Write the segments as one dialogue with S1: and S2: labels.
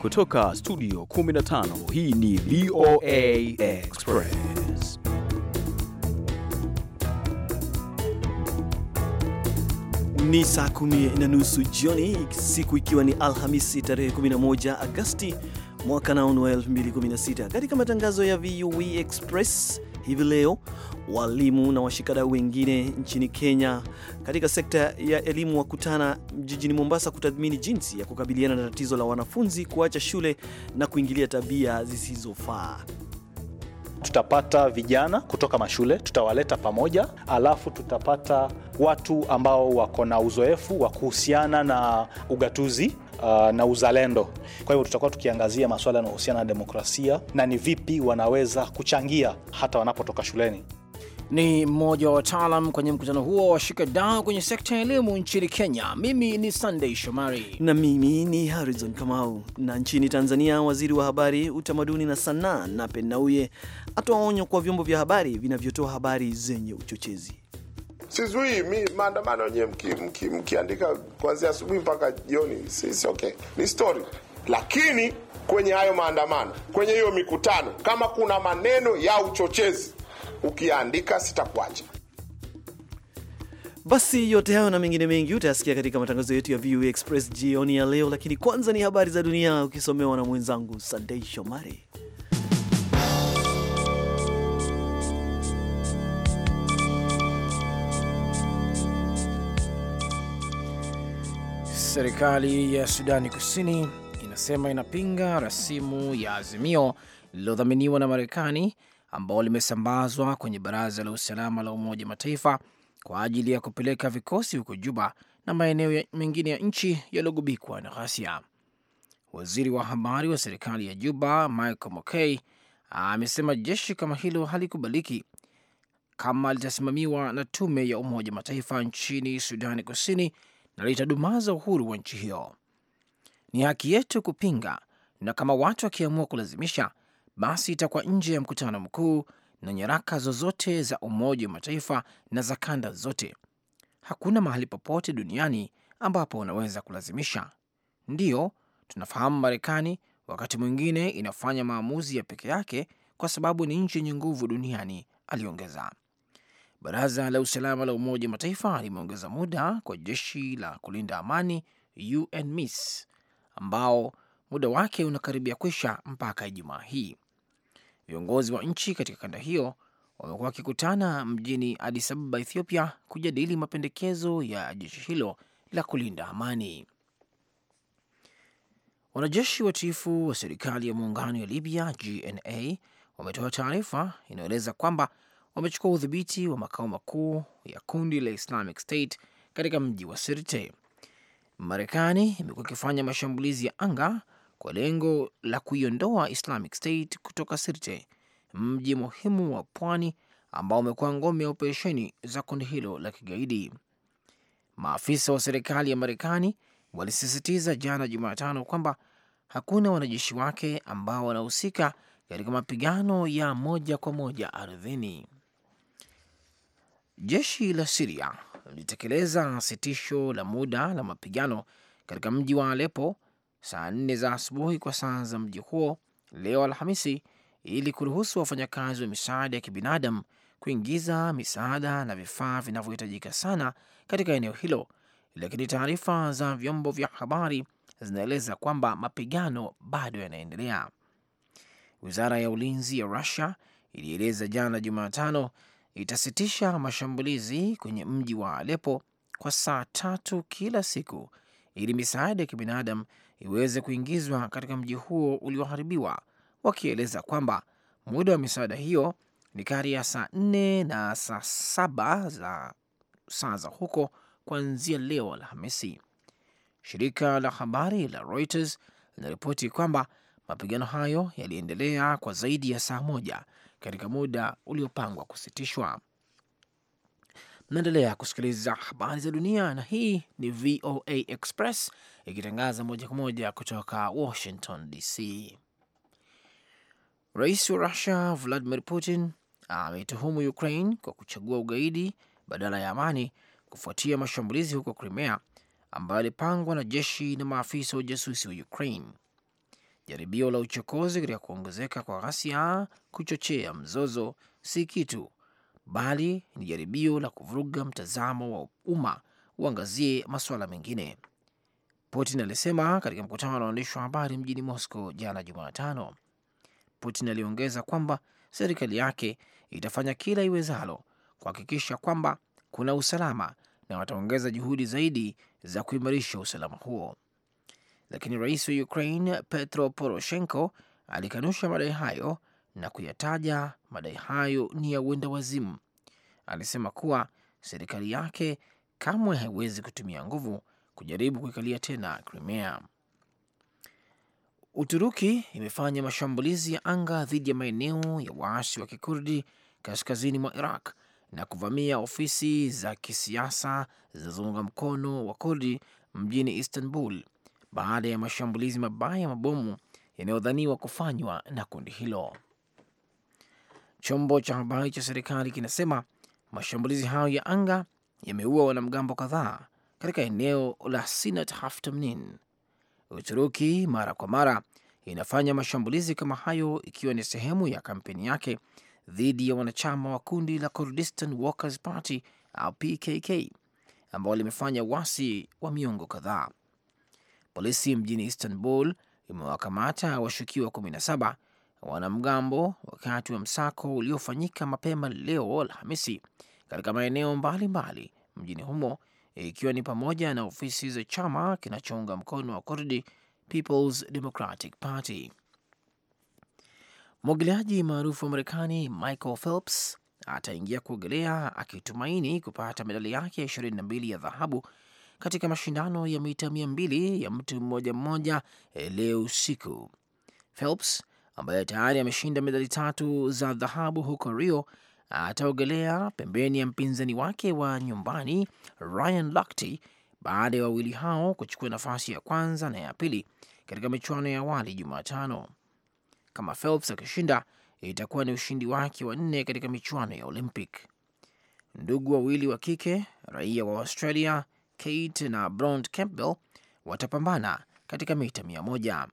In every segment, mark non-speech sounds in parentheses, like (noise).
S1: Kutoka studio 15
S2: hii ni VOA Express. Ni saa kumi na nusu jioni, siku ikiwa ni Alhamisi tarehe 11 Agosti mwaka naunu wa 2016. Katika matangazo ya VOA Express hivi leo walimu na washikadau wengine nchini Kenya katika sekta ya elimu wakutana jijini Mombasa kutathmini jinsi ya kukabiliana na tatizo la wanafunzi kuacha shule na kuingilia tabia zisizofaa.
S3: Tutapata vijana kutoka mashule, tutawaleta pamoja, alafu tutapata watu ambao wako na uzoefu wa kuhusiana na ugatuzi uh, na uzalendo. Kwa hivyo tutakuwa tukiangazia masuala yanayohusiana na demokrasia na ni vipi wanaweza kuchangia hata wanapotoka shuleni.
S4: Ni mmoja wa wataalam kwenye mkutano huo wa washikadau kwenye sekta ya elimu nchini Kenya. Mimi ni Sunday Shomari
S2: na mimi ni Harrison Kamau. Na nchini Tanzania, waziri wa habari, utamaduni na sanaa Nape Nnauye atoa onyo kwa vyombo vya habari vinavyotoa habari zenye uchochezi.
S5: Sizuii mi maandamano yenyewe, mkiandika mki, kuanzia asubuhi mpaka jioni, sisi okay, ni story, lakini kwenye hayo maandamano, kwenye hiyo mikutano, kama kuna maneno ya uchochezi ukiandika, sitakuacha.
S2: Basi yote hayo na mengine mengi utayasikia katika matangazo yetu ya VOA Express jioni ya leo, lakini kwanza ni habari za dunia ukisomewa na mwenzangu Sandei Shomari.
S4: Serikali ya Sudani Kusini inasema inapinga rasimu ya azimio lililodhaminiwa na Marekani ambao limesambazwa kwenye Baraza la Usalama la Umoja Mataifa kwa ajili ya kupeleka vikosi huko Juba na maeneo mengine ya nchi yaliyogubikwa na ghasia. Waziri wa habari wa serikali ya Juba Michael Mokey, amesema jeshi kama hilo halikubaliki kama litasimamiwa na tume ya Umoja Mataifa nchini Sudani Kusini na litadumaza uhuru wa nchi hiyo. Ni haki yetu kupinga, na kama watu wakiamua kulazimisha, basi itakuwa nje ya mkutano mkuu na nyaraka zozote za Umoja wa Mataifa na za kanda zote. Hakuna mahali popote duniani ambapo unaweza kulazimisha. Ndiyo, tunafahamu Marekani wakati mwingine inafanya maamuzi ya peke yake kwa sababu ni nchi yenye nguvu duniani, aliongeza. Baraza la usalama la Umoja wa Mataifa limeongeza muda kwa jeshi la kulinda amani UNMISS ambao muda wake unakaribia kwisha mpaka Ijumaa hii. Viongozi wa nchi katika kanda hiyo wamekuwa wakikutana mjini Addis Ababa, Ethiopia, kujadili mapendekezo ya jeshi hilo la kulinda amani. Wanajeshi watiifu wa serikali ya muungano ya Libya, GNA, wametoa taarifa inayoeleza kwamba wamechukua udhibiti wa makao makuu ya kundi la Islamic State katika mji wa Sirte. Marekani imekuwa ikifanya mashambulizi ya anga kwa lengo la kuiondoa Islamic State kutoka Sirte, mji muhimu wa pwani ambao umekuwa ngome ya operesheni za kundi hilo la kigaidi. Maafisa wa serikali ya Marekani walisisitiza jana Jumatano kwamba hakuna wanajeshi wake ambao wanahusika katika mapigano ya moja kwa moja ardhini. Jeshi la Siria lilitekeleza sitisho la muda la mapigano katika mji wa Alepo saa nne za asubuhi kwa saa za mji huo leo Alhamisi, ili kuruhusu wafanyakazi wa misaada ya kibinadamu kuingiza misaada na vifaa vinavyohitajika sana katika eneo hilo, lakini taarifa za vyombo vya habari zinaeleza kwamba mapigano bado yanaendelea. Wizara ya ulinzi ya Rusia ilieleza jana Jumatano itasitisha mashambulizi kwenye mji wa alepo kwa saa tatu kila siku ili misaada ya kibinadamu iweze kuingizwa katika mji huo ulioharibiwa, wakieleza kwamba muda wa misaada hiyo ni kati ya saa nne na saa saba za saa za huko kuanzia leo Alhamisi. Shirika la habari la Reuters linaripoti kwamba mapigano hayo yaliendelea kwa zaidi ya saa moja katika muda uliopangwa kusitishwa. Mnaendelea kusikiliza habari za dunia, na hii ni VOA Express ikitangaza moja kwa moja kutoka Washington DC. Rais wa Russia Vladimir Putin ameituhumu Ukraine kwa kuchagua ugaidi badala ya amani kufuatia mashambulizi huko Crimea ambayo yalipangwa na jeshi na maafisa wa ujasusi wa Ukraine jaribio la uchokozi katika kuongezeka kwa ghasia, kuchochea mzozo, si kitu bali ni jaribio la kuvuruga mtazamo wa umma uangazie masuala mengine, Putin alisema katika mkutano na waandishi wa habari mjini Moscow jana Jumatano. Putin aliongeza kwamba serikali yake itafanya kila iwezalo kuhakikisha kwamba kuna usalama na wataongeza juhudi zaidi za kuimarisha usalama huo lakini rais wa Ukraine Petro Poroshenko alikanusha madai hayo na kuyataja madai hayo ni ya uenda wazimu. Alisema kuwa serikali yake kamwe haiwezi kutumia nguvu kujaribu kuikalia tena Crimea. Uturuki imefanya mashambulizi ya anga dhidi ya maeneo ya waasi wa kikurdi kaskazini mwa Iraq na kuvamia ofisi za kisiasa zinazounga mkono wa Kurdi mjini Istanbul baada ya mashambulizi mabaya ya mabomu yanayodhaniwa kufanywa na kundi hilo. Chombo cha habari cha serikali kinasema mashambulizi hayo ya anga yameua wanamgambo kadhaa katika eneo la Sinat Haftamnin. Uturuki mara kwa mara inafanya mashambulizi kama hayo ikiwa ni sehemu ya kampeni yake dhidi ya wanachama wa kundi la Kurdistan Workers Party au PKK ambao limefanya wasi wa miongo kadhaa. Polisi mjini Istanbul imewakamata washukiwa 17 wanamgambo wakati wa msako uliofanyika mapema leo Alhamisi katika maeneo mbalimbali mjini humo ikiwa ni pamoja na ofisi za chama kinachounga mkono wa Kurdi People's Democratic Party. Mwogeleaji maarufu wa Marekani Michael Phelps ataingia kuogelea akitumaini kupata medali yake 22 ya dhahabu katika mashindano ya mita mia mbili ya mtu mmoja mmoja eh, leo usiku. Phelps ambaye tayari ameshinda medali tatu za dhahabu huko Rio ataogelea pembeni ya mpinzani wake wa nyumbani Ryan Lochte baada ya wawili hao kuchukua nafasi ya kwanza na ya pili katika michuano ya awali Jumatano. Kama Phelps akishinda, itakuwa ni ushindi wake wa nne katika michuano ya Olympic. Ndugu wawili wa kike raia wa Australia Kate na Bront Campbell watapambana katika mita mia moja.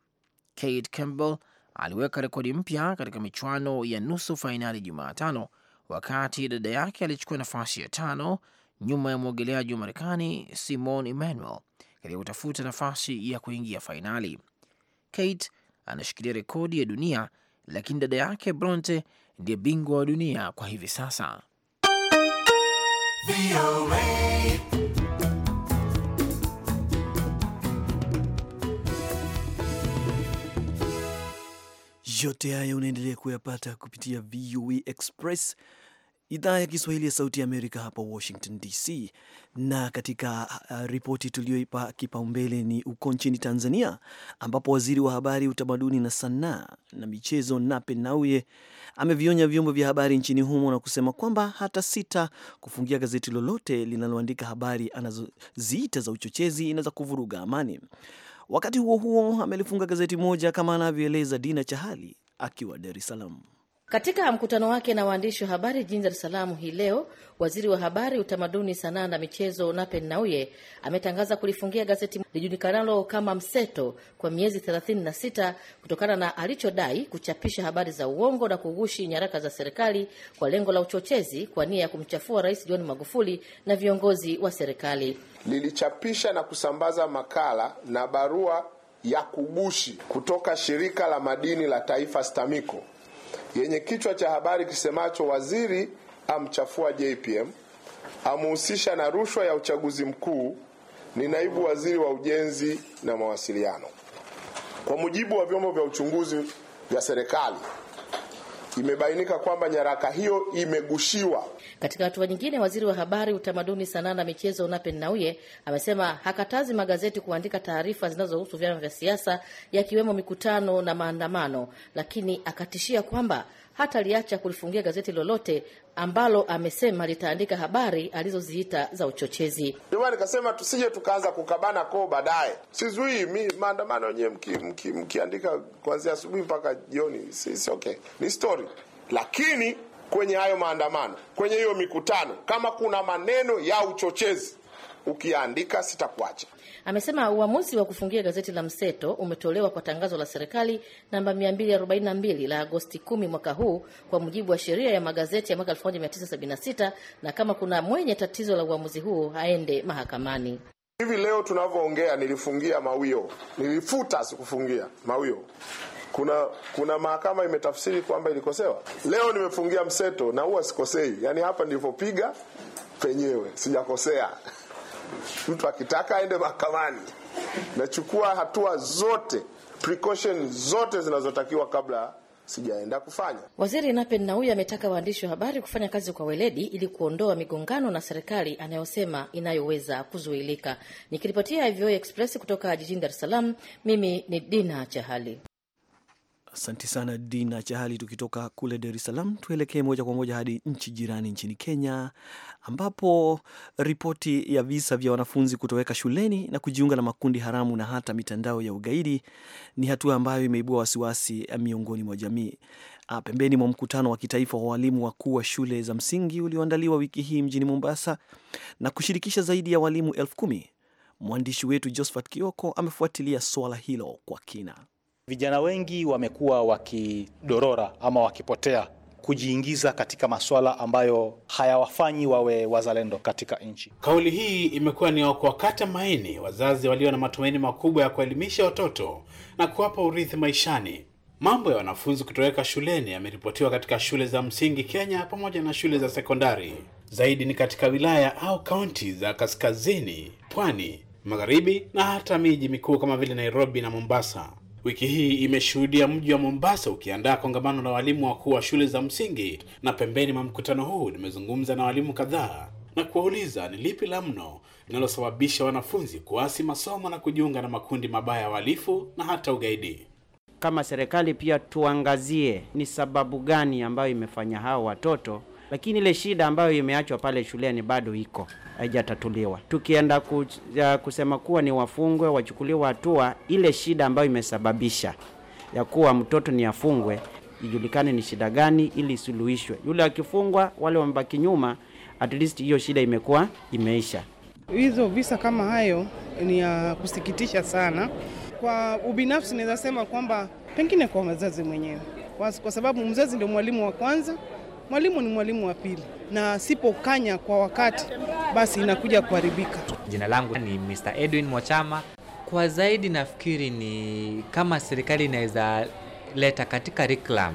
S4: Cade Campbell aliweka rekodi mpya katika michuano ya nusu fainali Jumatano, wakati dada yake alichukua nafasi ya tano nyuma ya mwogeleaji wa Marekani Simone Emmanuel katika kutafuta nafasi ya kuingia fainali. Kate anashikilia rekodi ya dunia, lakini dada yake Bronte ndiye bingwa wa dunia kwa hivi sasa.
S2: Yote haya unaendelea kuyapata kupitia VOA Express, idhaa ya Kiswahili ya Sauti ya Amerika hapa Washington DC. Na katika uh, ripoti tuliyoipa kipaumbele ni uko nchini Tanzania, ambapo waziri wa habari, utamaduni na sanaa na michezo Nape Nnauye amevionya vyombo vya habari nchini humo na kusema kwamba hata sita kufungia gazeti lolote linaloandika habari anazoziita za uchochezi inaweza kuvuruga amani. Wakati huo huo, amelifunga gazeti moja kama anavyoeleza Dina Chahali akiwa Dar es Salaam.
S6: Katika mkutano wake na waandishi wa habari jijini Dar es Salaam hii leo, waziri wa habari, utamaduni, sanaa na michezo Napen Nnauye ametangaza kulifungia gazeti lijulikanalo kama Mseto kwa miezi 36 kutokana na alichodai kuchapisha habari za uongo na kughushi nyaraka za serikali kwa lengo la uchochezi kwa nia ya kumchafua Rais John Magufuli na viongozi wa serikali.
S5: Lilichapisha na kusambaza makala na barua ya kugushi kutoka shirika la madini la taifa STAMICO yenye kichwa cha habari kisemacho waziri amchafua JPM amuhusisha na rushwa ya uchaguzi mkuu ni naibu waziri wa ujenzi na mawasiliano. Kwa mujibu wa vyombo vya uchunguzi vya serikali imebainika kwamba nyaraka hiyo imegushiwa.
S6: Katika hatua nyingine, waziri wa habari, utamaduni, sanaa na michezo Unapen Nnauye amesema hakatazi magazeti kuandika taarifa zinazohusu vyama vya siasa, yakiwemo mikutano na maandamano, lakini akatishia kwamba hata aliacha kulifungia gazeti lolote ambalo amesema litaandika habari alizoziita za uchochezi.
S5: Ndio maana nikasema tusije tukaanza kukabana koo baadaye. sizuii mi maandamano yenyewe mkiandika mki, mki kuanzia asubuhi mpaka jioni, si okay, ni story, lakini kwenye hayo maandamano, kwenye hiyo mikutano, kama kuna maneno ya uchochezi ukiandika, sitakuacha.
S6: Amesema uamuzi wa kufungia gazeti la Mseto umetolewa kwa tangazo la serikali namba 242 la Agosti 10 mwaka huu kwa mujibu wa sheria ya magazeti ya mwaka 1976 na kama kuna mwenye tatizo la uamuzi huo aende mahakamani.
S5: Hivi leo tunavyoongea, nilifungia Mawio, nilifuta, sikufungia Mawio. Kuna kuna mahakama imetafsiri kwamba ilikosewa. Leo nimefungia Mseto na huwa sikosei, yaani hapa nilipopiga penyewe sijakosea. Mtu akitaka aende mahakamani, nachukua hatua zote precaution zote zinazotakiwa kabla sijaenda kufanya.
S6: Waziri Nape Nnauye ametaka waandishi wa habari kufanya kazi kwa weledi ili kuondoa migongano na serikali anayosema inayoweza kuzuilika. Nikiripotia VOA Express kutoka jijini Dar es Salaam, mimi ni Dina Chahali
S2: asanti sana Dina Chahali. Tukitoka kule Dar es Salaam, tuelekee moja kwa moja hadi nchi jirani, nchini Kenya, ambapo ripoti ya visa vya wanafunzi kutoweka shuleni na kujiunga na makundi haramu na hata mitandao ya ugaidi ni hatua ambayo imeibua wasiwasi miongoni mwa jamii. Ah, pembeni mwa mkutano wa kitaifa wa walimu wakuu wa shule za msingi ulioandaliwa wiki hii mjini Mombasa na kushirikisha zaidi ya walimu elfu kumi, mwandishi wetu Josephat Kioko amefuatilia swala hilo kwa kina.
S3: Vijana wengi wamekuwa wakidorora ama wakipotea kujiingiza katika masuala ambayo hayawafanyi wawe wazalendo katika nchi.
S7: Kauli hii imekuwa ni kuwakata maini wazazi walio na matumaini makubwa ya kuelimisha watoto na kuwapa urithi maishani. Mambo ya wanafunzi kutoweka shuleni yameripotiwa katika shule za msingi Kenya pamoja na shule za sekondari. Zaidi ni katika wilaya au kaunti za kaskazini, pwani, magharibi na hata miji mikuu kama vile Nairobi na Mombasa. Wiki hii imeshuhudia mji wa Mombasa ukiandaa kongamano la walimu wakuu wa shule za msingi, na pembeni mwa mkutano huu nimezungumza na walimu kadhaa na kuwauliza ni lipi la mno linalosababisha wanafunzi kuasi masomo na kujiunga na makundi mabaya ya uhalifu na hata ugaidi.
S1: Kama serikali pia tuangazie ni sababu gani ambayo imefanya hao watoto lakini ile shida ambayo imeachwa pale shuleni bado iko haijatatuliwa. Tukienda ku, ya, kusema kuwa ni wafungwe wachukuliwa hatua, ile shida ambayo imesababisha ya kuwa mtoto ni afungwe ijulikane ni shida gani, ili isuluhishwe. Yule akifungwa, wale wamebaki nyuma, at least hiyo shida imekuwa imeisha.
S4: Hizo visa kama hayo ni ya kusikitisha sana. Kwa ubinafsi, naweza sema kwamba pengine kwa mzazi mwenyewe, kwa
S8: sababu mzazi ndio mwalimu wa kwanza Mwalimu ni mwalimu wa pili, na sipokanya kwa
S6: wakati, basi inakuja kuharibika. Jina langu ni Mr. Edwin Mwachama. Kwa zaidi nafikiri ni kama serikali inaweza leta katika curriculum,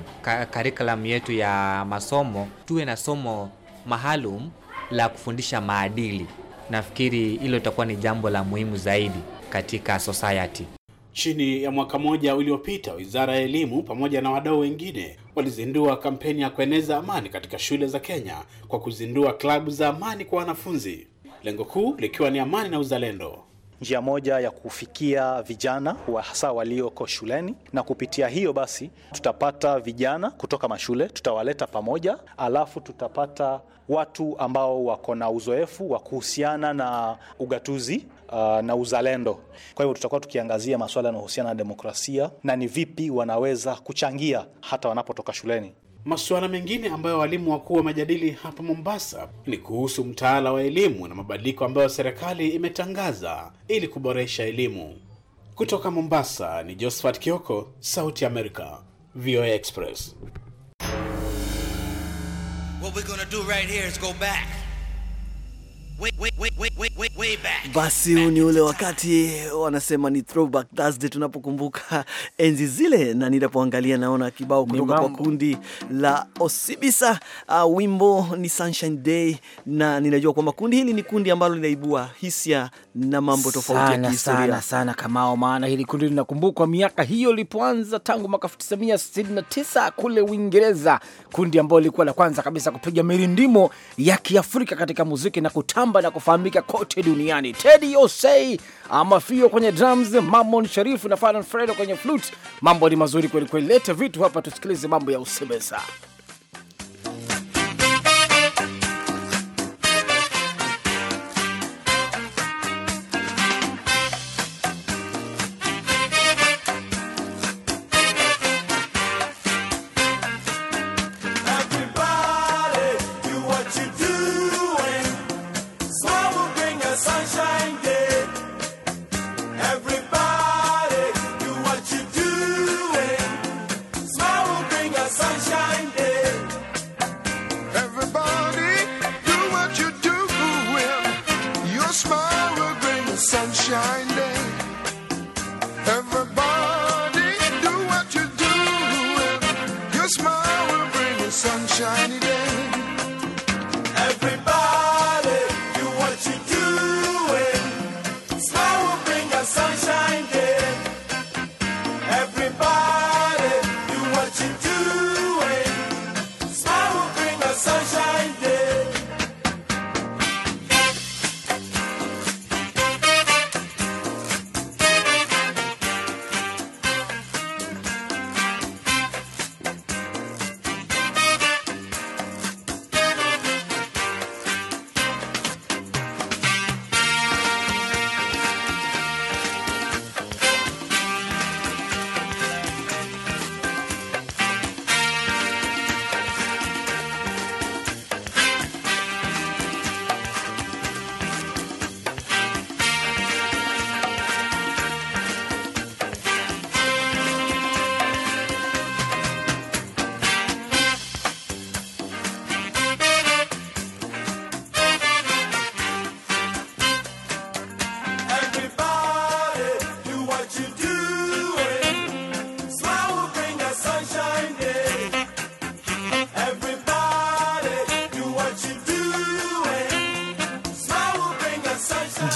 S6: curriculum yetu ya masomo tuwe na somo maalum la kufundisha maadili. Nafikiri hilo itakuwa ni jambo la muhimu zaidi katika society.
S7: Chini ya mwaka mmoja uliopita, Wizara ya Elimu pamoja na wadau wengine walizindua kampeni ya kueneza amani katika shule za Kenya kwa kuzindua klabu za amani kwa wanafunzi, lengo kuu likiwa ni amani na uzalendo. Njia moja ya kufikia
S3: vijana hasa walioko shuleni, na kupitia hiyo basi tutapata vijana kutoka mashule, tutawaleta pamoja, alafu tutapata watu ambao wako na uzoefu wa kuhusiana na ugatuzi uh, na uzalendo. Kwa hivyo tutakuwa tukiangazia masuala yanayohusiana na demokrasia na ni vipi wanaweza kuchangia hata wanapotoka
S7: shuleni. Masuala mengine ambayo walimu wakuu wamejadili hapa Mombasa ni kuhusu mtaala wa elimu na mabadiliko ambayo serikali imetangaza ili kuboresha elimu. Kutoka Mombasa ni Josephat Kioko, Sauti amerika America, VOA Express.
S4: What we're gonna do right here is go back.
S2: Basi huu ni ule wakati wanasema ni throwback Thursday, tunapokumbuka (laughs) enzi zile, na ninapoangalia naona kibao kutoka kwa kundi la Osibisa. Uh, wimbo ni Sunshine Day, na ninajua kwamba kundi hili ni kundi ambalo linaibua hisia na mambo tofauti ya kihistoria sana sana,
S4: kamao, maana hili kundi linakumbukwa miaka hiyo ilipoanza tangu mwaka 1969 kule Uingereza, kundi ambalo lilikuwa la kwanza kabisa kupiga mirindimo ya Kiafrika katika muziki na kuta anatamba na kufahamika kote duniani. Teddy Osei Amafio kwenye drums, Mamon Sharifu na Fanon Fredo kwenye flute. Mambo ni mazuri kwelikweli. Lete vitu hapa tusikilize mambo ya usemesa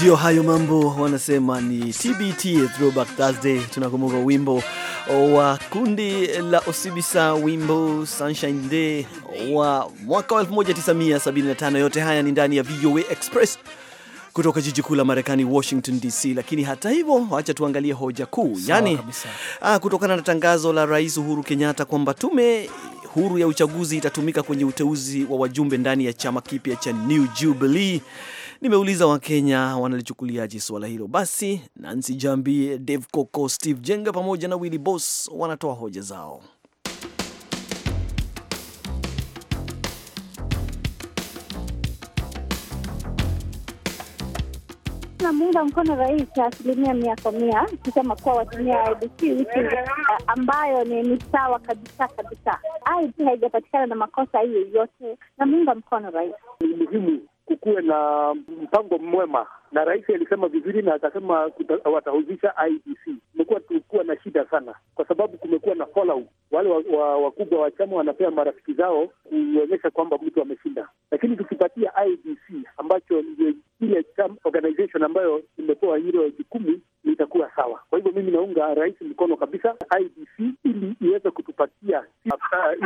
S2: Ndio hayo mambo wanasema ni TBT, throwback Thursday. Tunakumbuka wimbo wa kundi la Osibisa, wimbo Sunshine Day wa mwaka 1975. Yote haya ni ndani ya VOA Express kutoka jiji kuu la Marekani, Washington DC. Lakini hata hivyo, wacha tuangalie hoja kuu, yani ah, kutokana na tangazo la Rais Uhuru Kenyatta kwamba tume huru ya uchaguzi itatumika kwenye uteuzi wa wajumbe ndani ya chama kipya cha New Jubilee Nimeuliza Wakenya wanalichukuliaje suala hilo. Basi Nancy Jambi, Dave Coco, Steve Jenga pamoja na Willy Boss wanatoa hoja zao.
S9: Namuunga mkono rais asilimia mia kwa mia kusema kuwa watumia IBC wiki eh, ambayo ni sawa kabisa kabisa. IBC haijapatikana na makosa hiyo yote, namuunga mkono rais. Ni muhimu kukuwe na mpango mwema, na rais alisema vizuri na akasema watahuzisha IEBC. Imekuwa tukuwa na shida sana, kwa sababu kumekuwa na fallout. Wale wakubwa wa, wa chama wanapea marafiki zao kuonyesha kwamba mtu ameshinda, lakini tukipatia IEBC ambacho ndio ile organization ambayo imepewa hilo jukumu itakuwa sawa. Kwa hivyo mimi naunga rais mkono kabisa IDC e ili iweze kutupatia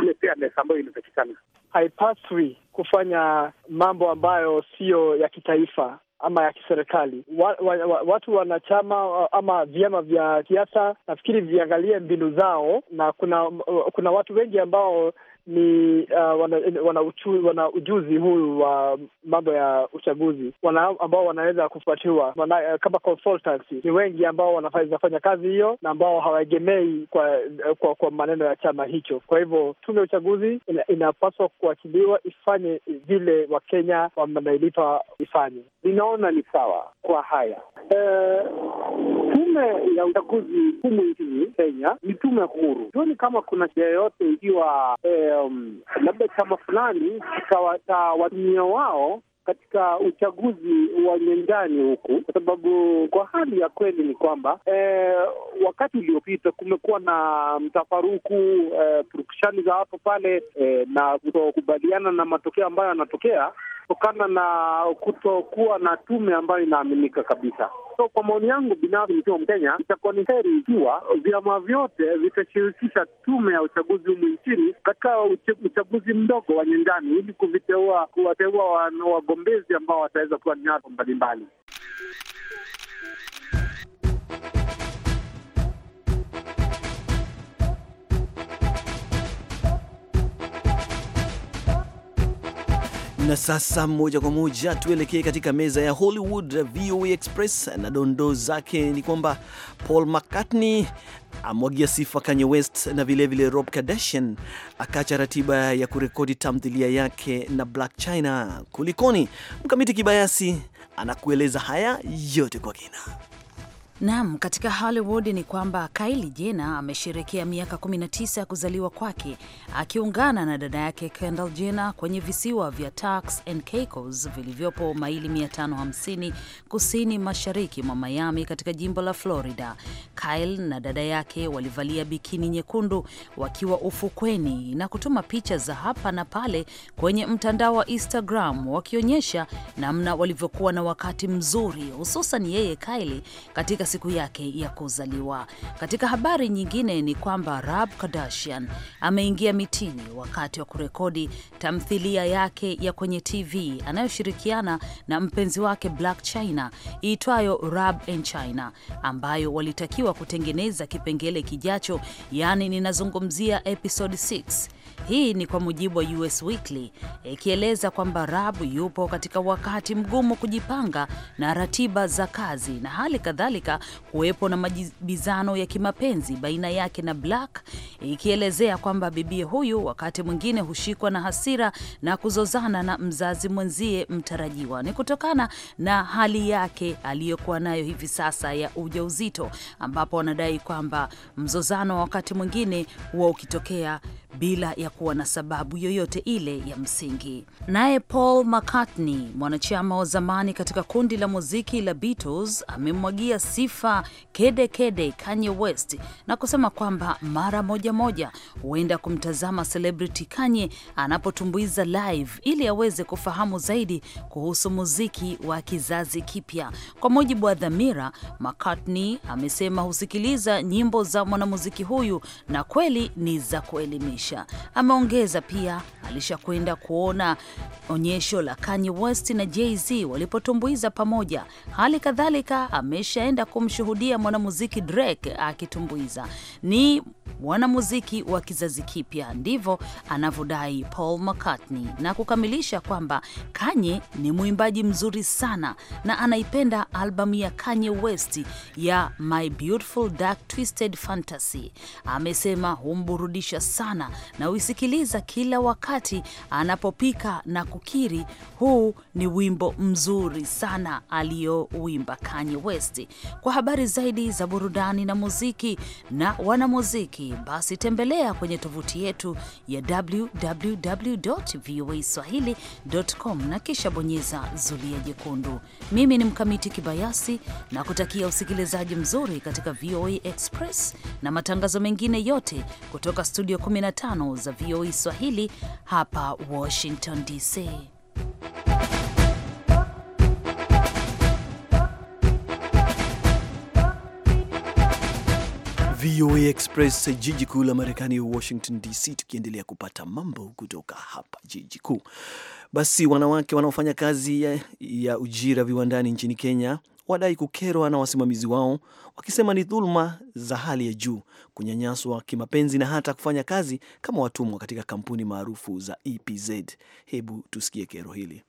S9: ile fairness ambayo inatakikana haipaswi kufanya mambo ambayo siyo ya kitaifa ama ya kiserikali. Wa, wa, wa, watu wanachama ama vyama vya siasa nafikiri viangalie mbinu zao, na kuna kuna watu wengi ambao ni uh, wana, wana, uchu, wana ujuzi huu wa mambo ya uchaguzi wana, ambao wanaweza kupatiwa wana, kama ni wengi ambao wanafanya kazi hiyo na ambao hawaegemei kwa, kwa kwa maneno ya chama hicho. Kwa hivyo tume ya uchaguzi ina, inapaswa kuachiliwa ifanye vile Wakenya wanailipa ifanye. Ninaona ni sawa kwa haya Eh, tume ya uchaguzi humu nchini Kenya ni tume huru. Sioni kama kuna njia yoyote ikiwa eh, um, labda chama fulani kitawatumia wao katika uchaguzi wa nyanjani huku, kwa sababu kwa hali ya kweli ni kwamba e, wakati uliopita kumekuwa na mtafaruku e, purukushani za hapo pale e, na kutokubaliana na matokeo ambayo yanatokea kutokana na kutokuwa na tume ambayo inaaminika kabisa. So kwa maoni yangu binafsi, mkiwa Mkenya, itakuwa ni heri ikiwa vyama vyote vitashirikisha tume ya uchaguzi humu nchini katika uchaguzi mdogo wa nyanjani, ili kuviteua kuwateua wagombezi ambao wataweza kuwa nyaro mbalimbali.
S2: Na sasa moja kwa moja tuelekee katika meza ya Hollywood VOA e Express, na dondoo zake ni kwamba Paul McCartney amwagia sifa Kanye West na vilevile Rob Kardashian akaacha ratiba ya kurekodi tamthilia yake na Black China. Kulikoni? Mkamiti Kibayasi anakueleza haya yote kwa kina.
S10: Naam, katika Hollywood ni kwamba Kylie Jenner amesherekea miaka 19 ya kuzaliwa kwake akiungana na dada yake Kendall Jenner kwenye visiwa vya Turks and Caicos vilivyopo maili 550 kusini mashariki mwa Miami katika jimbo la Florida. Kylie na dada yake walivalia bikini nyekundu wakiwa ufukweni na kutuma picha za hapa na pale kwenye mtandao wa Instagram wakionyesha namna walivyokuwa na wakati mzuri, hususan yeye Kylie katika siku yake ya kuzaliwa. Katika habari nyingine ni kwamba Rob Kardashian ameingia mitini wakati wa kurekodi tamthilia yake ya kwenye TV anayoshirikiana na mpenzi wake Black China iitwayo Rob and China, ambayo walitakiwa kutengeneza kipengele kijacho, yaani ninazungumzia episode 6 hii ni kwa mujibu wa US Weekly ikieleza kwamba rab yupo katika wakati mgumu kujipanga na ratiba za kazi na hali kadhalika kuwepo na majibizano ya kimapenzi baina yake na Black, ikielezea kwamba bibie huyu wakati mwingine hushikwa na hasira na kuzozana na mzazi mwenzie mtarajiwa. Ni kutokana na hali yake aliyokuwa nayo hivi sasa ya ujauzito, ambapo anadai kwamba mzozano wakati mwingine huwa ukitokea bila ya kuwa na sababu yoyote ile ya msingi. Naye Paul McCartney, mwanachama wa zamani katika kundi la muziki la Beatles, amemwagia sifa kedekede kede Kanye West na kusema kwamba mara moja moja huenda kumtazama celebrity Kanye anapotumbuiza live ili aweze kufahamu zaidi kuhusu muziki wa kizazi kipya. Kwa mujibu wa dhamira, McCartney amesema husikiliza nyimbo za mwanamuziki huyu na kweli ni za kuelimisha maisha. Ameongeza pia alishakwenda kuona onyesho la Kanye West na Jay-Z walipotumbuiza pamoja. Hali kadhalika ameshaenda kumshuhudia mwanamuziki Drake akitumbuiza. Ni mwanamuziki wa kizazi kipya, ndivyo anavyodai Paul McCartney, na kukamilisha kwamba Kanye ni mwimbaji mzuri sana na anaipenda albamu ya Kanye West ya My Beautiful Dark Twisted Fantasy. Amesema humburudisha sana na huisikiliza kila wakati anapopika na kukiri, huu ni wimbo mzuri sana aliyouimba Kanye West. Kwa habari zaidi za burudani na muziki na wanamuziki, basi tembelea kwenye tovuti yetu ya www voa swahilicom na kisha bonyeza zulia jekundu. Mimi ni Mkamiti Kibayasi na kutakia usikilizaji mzuri katika VOA Express na matangazo mengine yote kutoka studio 15 tano za VOA e Swahili hapa Washington DC.
S2: VOA e Express, jiji kuu la Marekani, Washington DC, tukiendelea kupata mambo kutoka hapa jiji kuu. Basi, wanawake wanaofanya kazi ya, ya ujira viwandani nchini Kenya wadai kukerwa na wasimamizi wao, wakisema ni dhuluma za hali ya juu, kunyanyaswa kimapenzi na hata kufanya kazi kama watumwa katika kampuni maarufu za EPZ. Hebu tusikie kero hili.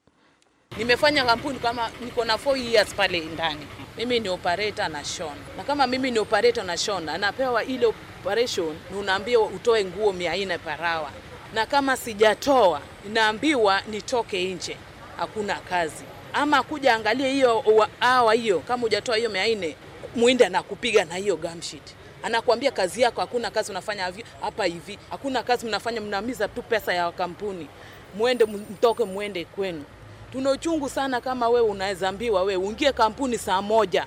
S8: Nimefanya kampuni kama niko na 4 years pale ndani, mimi ni operator na shona, na kama mimi ni operator na shona, napewa ile operation, unaambiwa utoe nguo mia nne parawa, na kama sijatoa naambiwa nitoke nje, hakuna kazi ama kuja angalie hiyo hawa hiyo, kama hujatoa hiyo mia nne muinde anakupiga na hiyo gamshit anakuambia kazi yako hakuna kazi unafanya hapa hivi, hakuna kazi mnafanya, mnamiza tu pesa ya kampuni. Mwende mtoke, mwende kwenu. Tuna uchungu sana. Kama we unaweza ambiwa we uingie kampuni saa moja,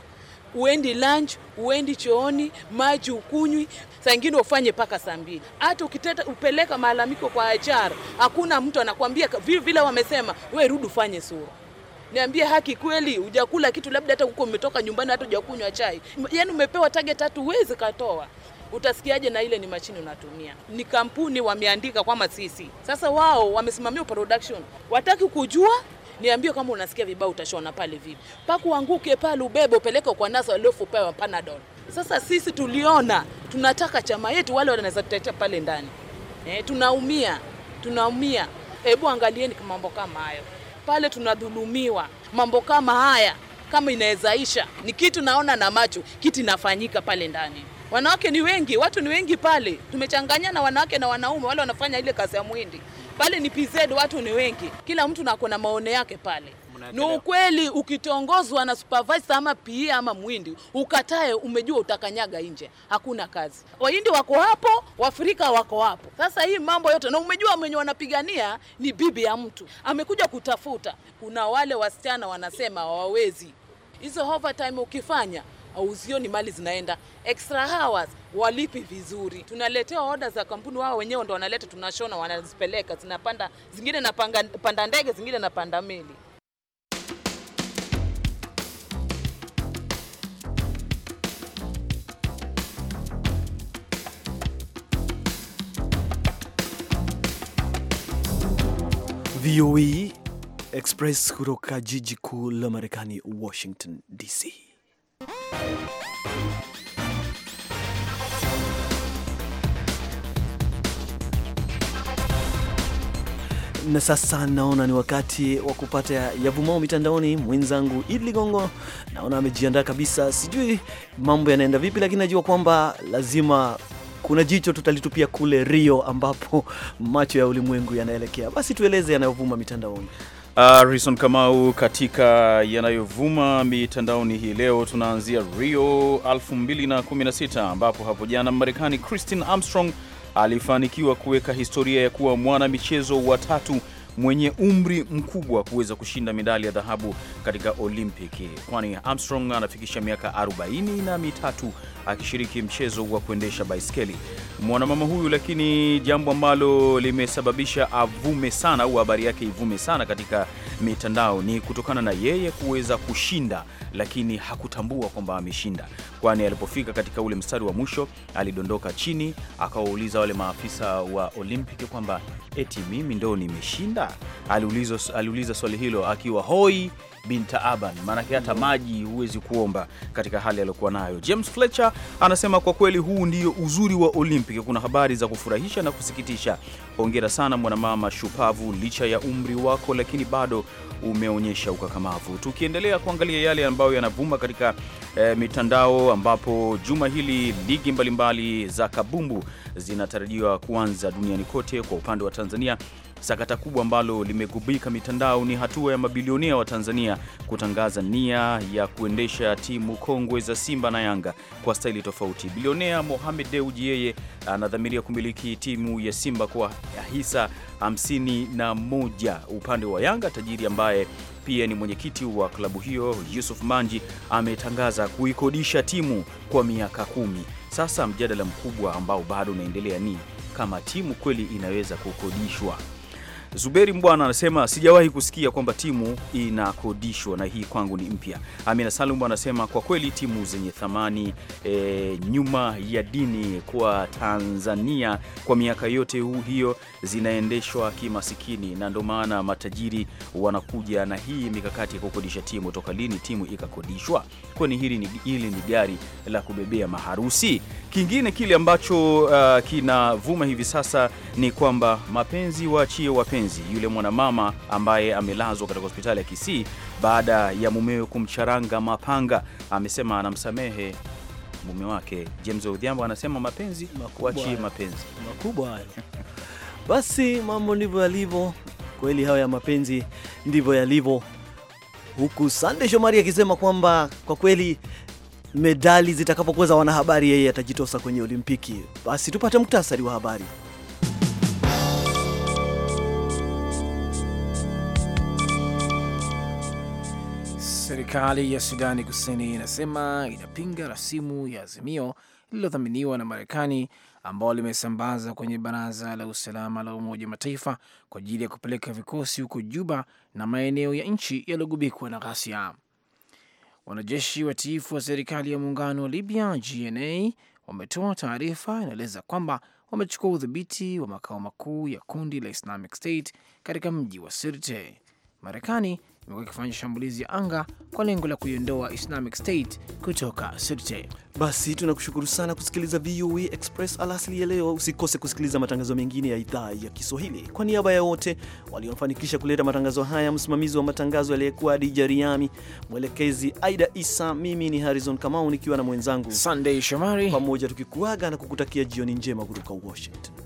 S8: uendi lunch, uendi chooni, maji ukunywi, saa ingine ufanye mpaka saa mbili. Hata ukiteta upeleka malalamiko kwa HR, hakuna mtu anakuambia vile vile, wamesema we rudi ufanye sura niambie haki kweli, hujakula kitu, labda hata huko umetoka nyumbani, hata hujakunywa chai, yaani umepewa target tatu, huwezi katoa Utasikiaje na ile ni mashine unatumia? Ni kampuni wameandika kwamba sisi sasa, wao wamesimamia production, wataki kujua. Niambie kama unasikia vibaya, utashona pale vipi? Paku anguke pale, ubebe upeleke kwa nasa waliofu pale Panadol. Sasa sisi tuliona tunataka chama yetu, wale wanaweza tutetea pale ndani. E, tunaumia tunaumia. Hebu angalieni mambo kama hayo pale tunadhulumiwa. Mambo kama haya kama inawezaisha, ni kitu naona na macho, kitu inafanyika pale ndani. Wanawake ni wengi, watu ni wengi pale, tumechanganya na wanawake na wanaume, wale wanafanya ile kazi ya mwindi pale ni PZ, watu ni wengi, kila mtu na maone yake pale ni ukweli. Ukitongozwa na supervisor ama PE ama mwindi ukatae, umejua utakanyaga nje, hakuna kazi. Wahindi wako hapo, Waafrika wako hapo. Sasa hii mambo yote na umejua mwenye wanapigania ni bibi ya mtu amekuja kutafuta. Kuna wale wasichana wanasema hawawezi hizo overtime, ukifanya auzioni mali zinaenda extra hours walipi vizuri. Tunaletea oda za kampuni, wao wenyewe ndo wanaleta, tunashona, wanazipeleka, zinapanda, zingine napanda ndege, zingine napanda meli.
S2: VOA Express kutoka jiji kuu la Marekani, Washington DC. Na sasa naona ni wakati wa kupata yavumao mitandaoni. Mwenzangu id Ligongo naona amejiandaa kabisa, sijui mambo yanaenda vipi, lakini najua kwamba lazima kuna jicho tutalitupia kule Rio ambapo macho ya ulimwengu yanaelekea. Basi tueleze yanayovuma mitandaoni.
S1: Ah, Harrison Kamau, katika yanayovuma mitandaoni hii leo tunaanzia Rio 2016 ambapo hapo jana Marekani Christine Armstrong alifanikiwa kuweka historia ya kuwa mwana michezo wa tatu mwenye umri mkubwa kuweza kushinda medali ya dhahabu katika Olimpiki, kwani Armstrong anafikisha miaka 43 na mitatu akishiriki mchezo wa kuendesha baiskeli. Mwanamama huyu lakini jambo ambalo limesababisha avume sana au habari yake ivume sana katika mitandao ni kutokana na yeye kuweza kushinda, lakini hakutambua kwamba ameshinda, kwani alipofika katika ule mstari wa mwisho alidondoka chini, akawauliza wale maafisa wa Olympic kwamba eti mimi ndo nimeshinda. Aliuliza swali hilo akiwa hoi Binta Aban, maanake hata maji huwezi kuomba katika hali aliyokuwa nayo. James Fletcher anasema kwa kweli huu ndio uzuri wa Olympic, kuna habari za kufurahisha na kusikitisha. Hongera sana mwanamama shupavu, licha ya umri wako, lakini bado umeonyesha ukakamavu. Tukiendelea kuangalia yale ambayo yanavuma katika e, mitandao, ambapo juma hili ligi mbalimbali mbali za kabumbu zinatarajiwa kuanza duniani kote. Kwa upande wa Tanzania Sakata kubwa ambalo limegubika mitandao ni hatua ya mabilionea wa Tanzania kutangaza nia ya kuendesha timu kongwe za Simba na Yanga kwa staili tofauti. Bilionea Mohamed Deuji yeye anadhamiria kumiliki timu ya Simba kwa hisa hamsini na moja. Upande wa Yanga tajiri ambaye pia ni mwenyekiti wa klabu hiyo Yusuf Manji ametangaza kuikodisha timu kwa miaka kumi. Sasa mjadala mkubwa ambao bado unaendelea ni kama timu kweli inaweza kukodishwa. Zuberi Mbwana anasema sijawahi kusikia kwamba timu inakodishwa na hii kwangu ni mpya. Amina Salum anasema kwa kweli timu zenye thamani e, nyuma ya dini kwa Tanzania kwa miaka yote huu hiyo zinaendeshwa kimasikini, na ndio maana matajiri wanakuja na hii mikakati ya kukodisha timu. Toka lini timu ikakodishwa? Kwani hili ni, hili ni gari la kubebea maharusi? Kingine kile ambacho uh, kinavuma hivi sasa ni kwamba mapenzi waachie wapenzi mapenzi yule mwanamama ambaye amelazwa katika hospitali ya Kisii baada ya mumewe kumcharanga mapanga. Amesema anamsamehe mume wake.
S2: James Odhiambo anasema mapenzi kuachie mapenzi makubwa hayo. Basi mambo ndivyo yalivyo kweli, hayo ya mapenzi ndivyo yalivyo, huku Sande Shomari akisema kwamba kwa kweli medali zitakapokuwa za wanahabari, yeye atajitosa kwenye Olimpiki. Basi tupate muktasari wa habari.
S4: Serikali ya Sudani Kusini inasema inapinga rasimu ya azimio lililothaminiwa na Marekani ambao limesambaza kwenye Baraza la Usalama la Umoja wa Mataifa kwa ajili ya kupeleka vikosi huko Juba na maeneo ya nchi yaliyogubikwa na ghasia. Wanajeshi watiifu wa serikali ya muungano wa Libya GNA wametoa taarifa inaeleza kwamba wamechukua udhibiti wa makao makuu ya kundi la Islamic State katika mji wa Sirte. Marekani imekuwa ikifanya shambulizi ya anga kwa lengo la kuiondoa Islamic State kutoka Sirte. Basi tunakushukuru
S2: sana kusikiliza VOA e Express alasili ya leo. Usikose kusikiliza matangazo mengine ya idhaa ya Kiswahili. Kwa niaba ya wote waliofanikisha kuleta matangazo haya, msimamizi wa matangazo aliyekuwa Adija Riami, mwelekezi Aida Isa, mimi ni Harrison Kamau nikiwa na mwenzangu Sunday Shomari, pamoja tukikuaga na kukutakia jioni njema kutoka Washington.